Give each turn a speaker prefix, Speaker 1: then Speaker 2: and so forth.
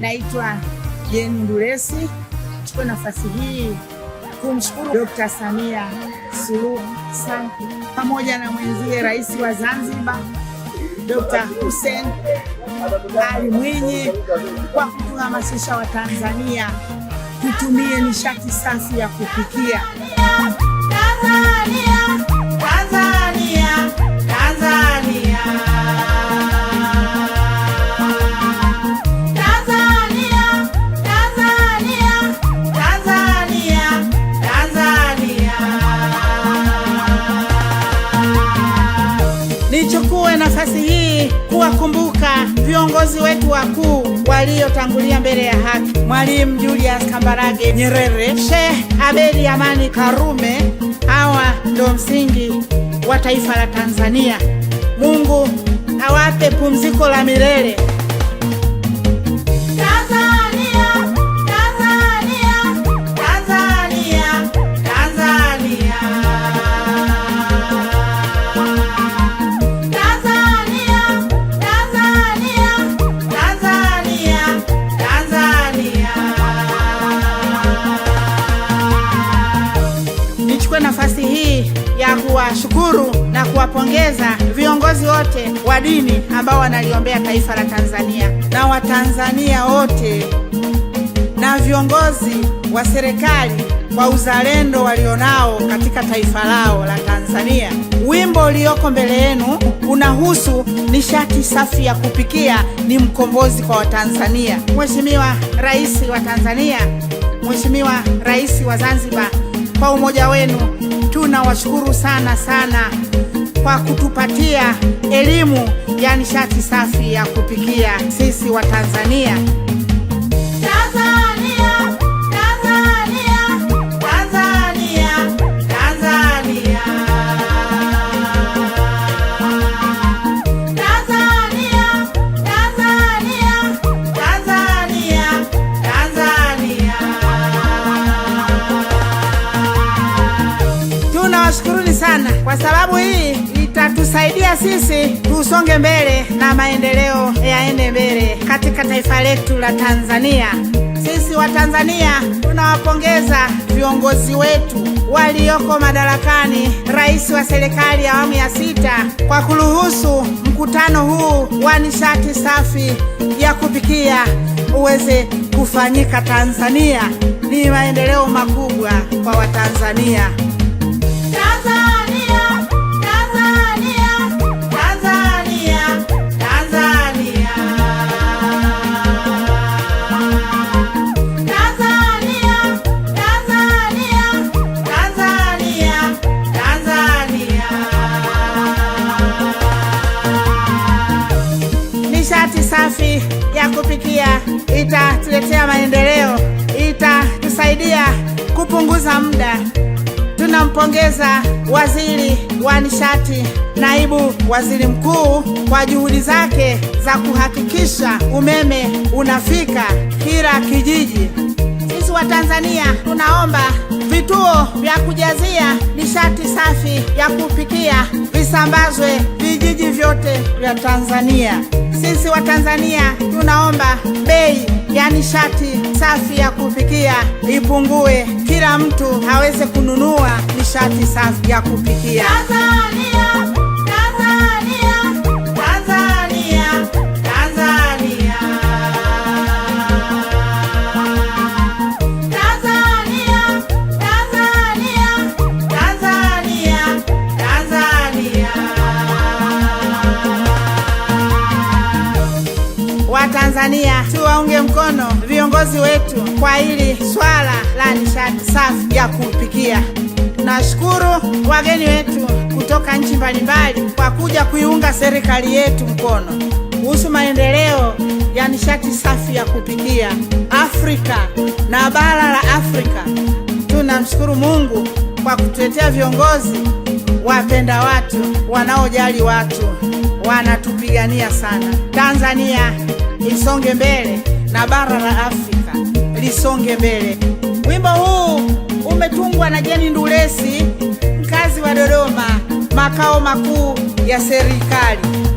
Speaker 1: Naitwa jen Ndulesi. Chukua nafasi hii kumshukuru Dr. Samia Suluhu Hassan pamoja na mwenzie Rais wa Zanzibar Dr. Hussein Ali Mwinyi kwa kutuhamasisha Watanzania tutumie nishati safi ya kupikia. kuwakumbuka viongozi wetu wakuu waliotangulia mbele ya haki, Mwalimu Julius Kambarage Nyerere, Sheikh Abedi Amani Karume. Hawa ndio msingi wa taifa la Tanzania. Mungu awape pumziko la milele. Nichukue nafasi hii ya kuwashukuru na kuwapongeza viongozi wote wa dini ambao wanaliombea taifa la Tanzania na Watanzania wote na viongozi wa serikali kwa uzalendo walionao katika taifa lao la Tanzania. Wimbo ulioko mbele yenu unahusu nishati safi ya kupikia, ni mkombozi kwa Watanzania. Mheshimiwa Rais wa Tanzania, Mheshimiwa Rais wa Zanzibar kwa umoja wenu. Tunawashukuru sana sana kwa kutupatia elimu ya nishati safi ya kupikia sisi wa Tanzania. kwa sababu hii itatusaidia sisi tusonge mbele na maendeleo yaende mbele katika taifa letu la Tanzania. Sisi wa Tanzania tunawapongeza viongozi wetu walioko madarakani, rais wa serikali ya awamu ya sita kwa kuruhusu mkutano huu wa nishati safi ya kupikia uweze kufanyika Tanzania. Ni maendeleo makubwa kwa Watanzania. safi ya kupikia, itatuletea maendeleo, itatusaidia kupunguza muda. Tunampongeza waziri wa nishati, naibu waziri mkuu kwa juhudi zake za kuhakikisha umeme unafika kila kijiji. Sisi wa Tanzania tunaomba vituo vya kujazia nishati safi ya kupikia visambazwe vijiji vyote vya Tanzania. Sisi wa Tanzania tunaomba bei ya nishati safi ya kupikia ipungue, kila mtu aweze kununua nishati safi ya kupikia
Speaker 2: Tanzania.
Speaker 1: mkono viongozi wetu kwa hili swala la nishati safi ya kupikia. nashukuru wageni wetu kutoka nchi mbalimbali kwa kuja kuiunga serikali yetu mkono kuhusu maendeleo ya nishati safi ya kupikia Afrika na bara la Afrika. Tunamshukuru Mungu kwa kutuletea viongozi wapenda watu, wanaojali watu, wanatupigania sana. Tanzania isonge mbele na bara la Afrika lisonge mbele. Wimbo huu umetungwa na Jeni Ndulesi, mkazi wa Dodoma, makao makuu ya serikali.